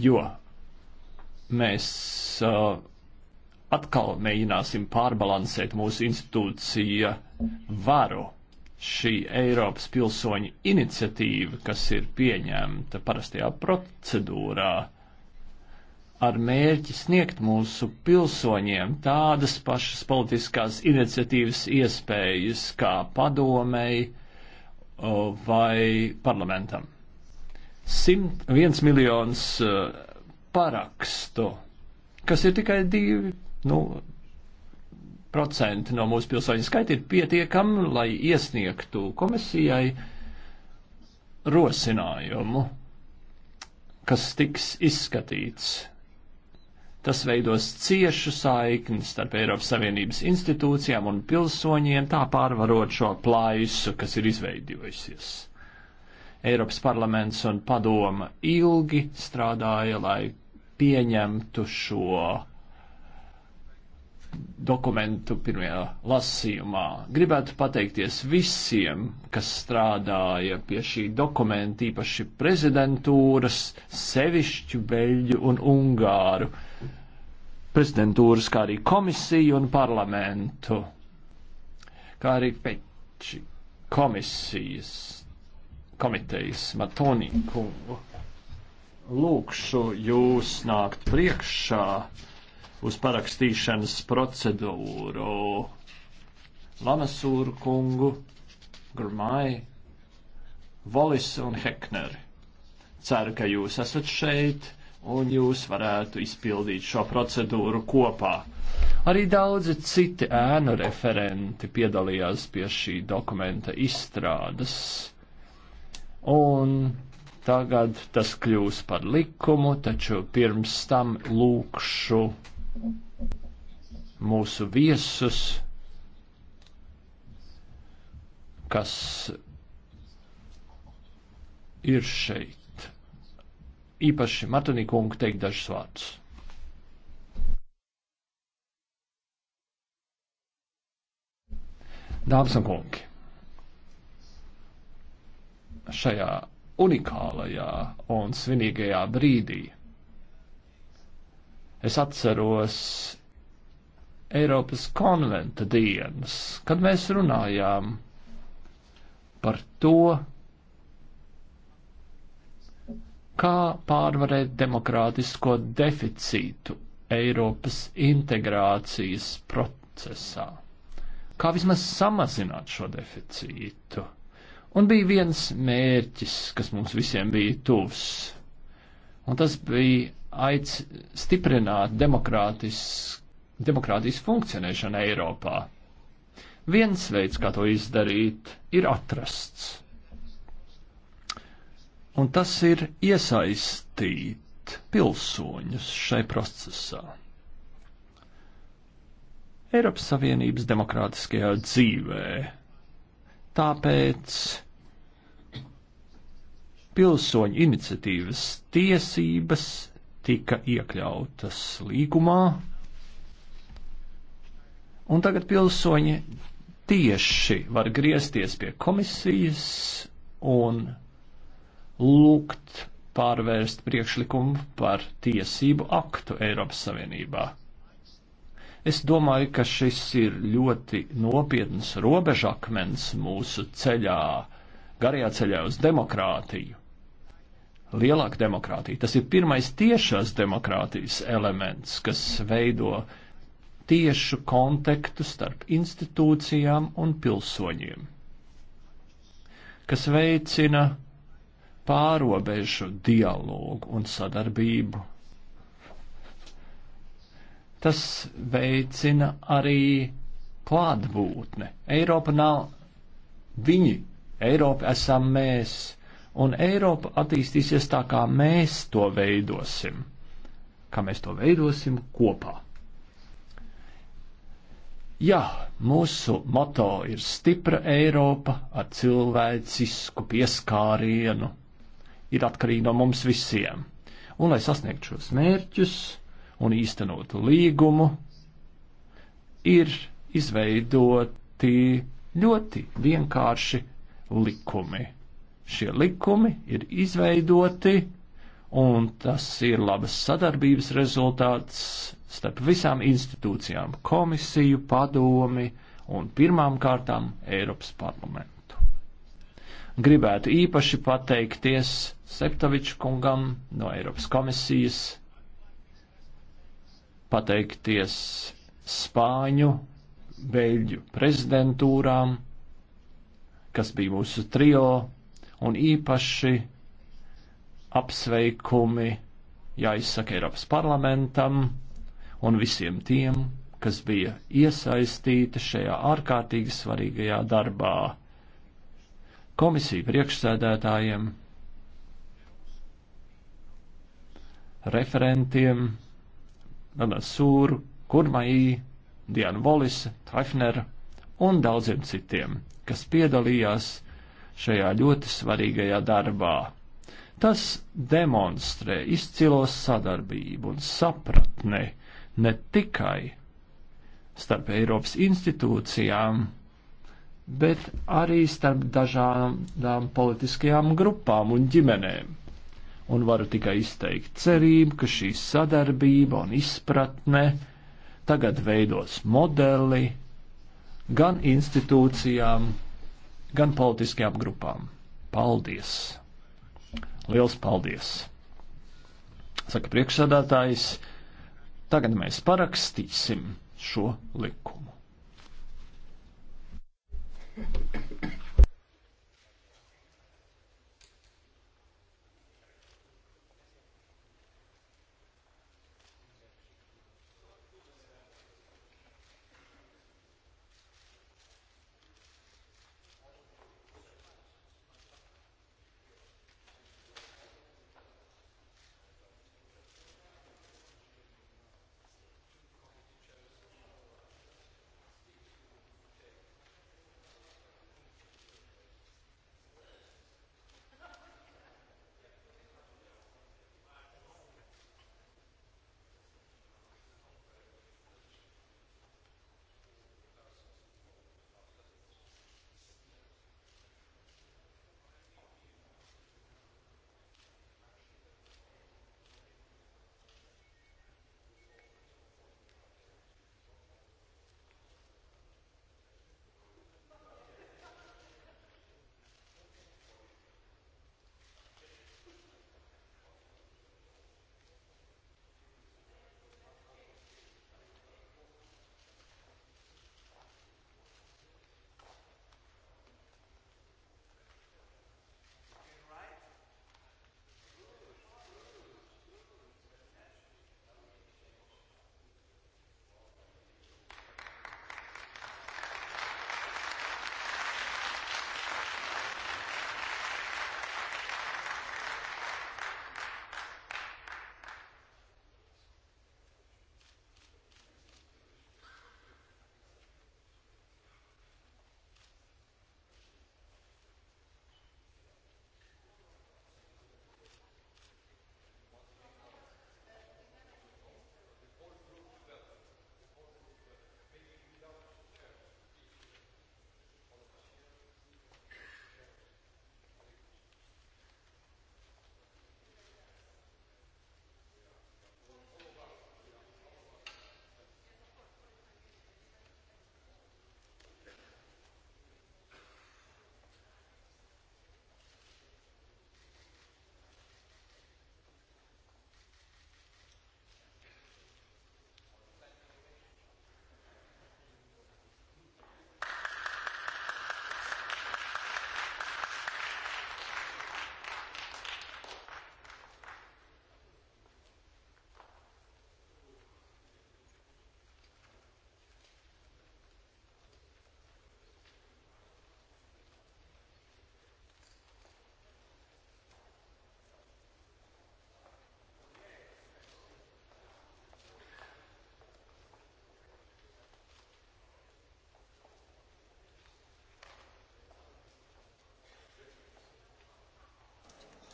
jo mēs uh, atkal mēģināsim pārbalansēt mūsu institūcija varu. Šī Eiropas pilsoņa iniciatīva, kas ir pieņemta parastajā procedūrā, ar mērķi sniegt mūsu pilsoņiem tādas pašas politiskās iniciatīvas iespējas kā padomei uh, vai parlamentam. 101 miljonus eh, parakstu, kas ir tikai 2, nu, procenti no mūsu pilsoņu skaita ir pietiekami, lai iesniegtu komisijai rosinājumu, kas tiks izskatīts. Tas veidos ciešu saikni starp Eiropas Savienības institūcijām un pilsoņiem, tā pārvarot šo plaisu, kas ir izveidojusies. Eiropas parlaments un padoma ilgi strādāja, lai pieņemtu šo dokumentu pirmajā lasījumā. Gribētu pateikties visiem, kas strādāja pie šī dokumenta, īpaši prezidentūras, sevišķu beļģu un ungāru prezidentūras, kā arī komisiju un parlamentu, kā arī peči komisijas komitejas Matoni kungu. Lūkšu jūs nākt priekšā uz parakstīšanas procedūru Lamasūru kungu, Grmai, Volis un Hekneri. Ceru, ka jūs esat šeit un jūs varētu izpildīt šo procedūru kopā. Arī daudzi citi ēnu referenti piedalījās pie šī dokumenta izstrādes un tagad tas kļūs par likumu, taču pirms tam lūkšu mūsu viesus, kas ir šeit. Īpaši Matanī kungu teikt dažus vārdus. Dāmas un kungi! šajā unikālajā un svinīgajā brīdī. Es atceros Eiropas konventa dienas, kad mēs runājām par to, kā pārvarēt demokrātisko deficītu Eiropas integrācijas procesā. Kā vismaz samazināt šo deficītu? Un bija viens mērķis, kas mums visiem bija tuvs, un tas bija aic stiprināt demokrātijas funkcionēšanu Eiropā. Viens veids, kā to izdarīt, ir atrasts. Un tas ir iesaistīt pilsoņus šai procesā. Eiropas Savienības demokrātiskajā dzīvē Tāpēc pilsoņu iniciatīvas tiesības tika iekļautas līgumā, un tagad pilsoņi tieši var griezties pie komisijas un lūgt pārvērst priekšlikumu par tiesību aktu Eiropas Savienībā. Es domāju, ka šis ir ļoti nopietns robežakmens mūsu ceļā, garajā ceļā uz demokrātiju. Lielāka demokrātija. Tas ir pirmais tiešās demokrātijas elements, kas veido tiešu kontaktu starp institūcijām un pilsoņiem, kas veicina pārobežu dialogu un sadarbību Tas veicina arī klātbūtne. Eiropa nav viņi, Eiropa esam mēs, un Eiropa attīstīsies tā, kā mēs to veidosim, kā mēs to veidosim kopā. Jā, mūsu moto ir stipra Eiropa ar cilvēcisku pieskārienu. Ir atkarīgi no mums visiem. Un, lai sasniegtu šos mērķus, un īstenotu līgumu, ir izveidoti ļoti vienkārši likumi. Šie likumi ir izveidoti, un tas ir labas sadarbības rezultāts starp visām institūcijām - komisiju, padomi un pirmām kārtām Eiropas parlamentu gribētu īpaši pateikties Septaviču kungam no Eiropas komisijas pateikties Spāņu, Beļģu prezidentūrām, kas bija mūsu trio, un īpaši apsveikumi jāizsaka Eiropas parlamentam un visiem tiem, kas bija iesaistīti šajā ārkārtīgi svarīgajā darbā. Komisija priekšsēdētājiem, referentiem, Lamasūru, Kurmaī, Dianu Volisa, Taifneru un daudziem citiem, kas piedalījās šajā ļoti svarīgajā darbā. Tas demonstrē izcilos sadarbību un sapratni ne tikai starp Eiropas institūcijām, bet arī starp dažādām politiskajām grupām un ģimenēm un varu tikai izteikt cerību, ka šī sadarbība un izpratne tagad veidos modeli gan institūcijām, gan politiskajām grupām. Paldies! Liels paldies! Saka priekšsādātājs, tagad mēs parakstīsim šo likumu.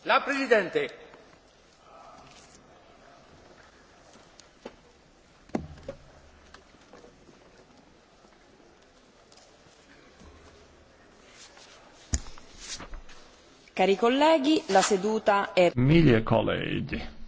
La Presidente. Cari colleghi, la seduta è... Miglie colleghi.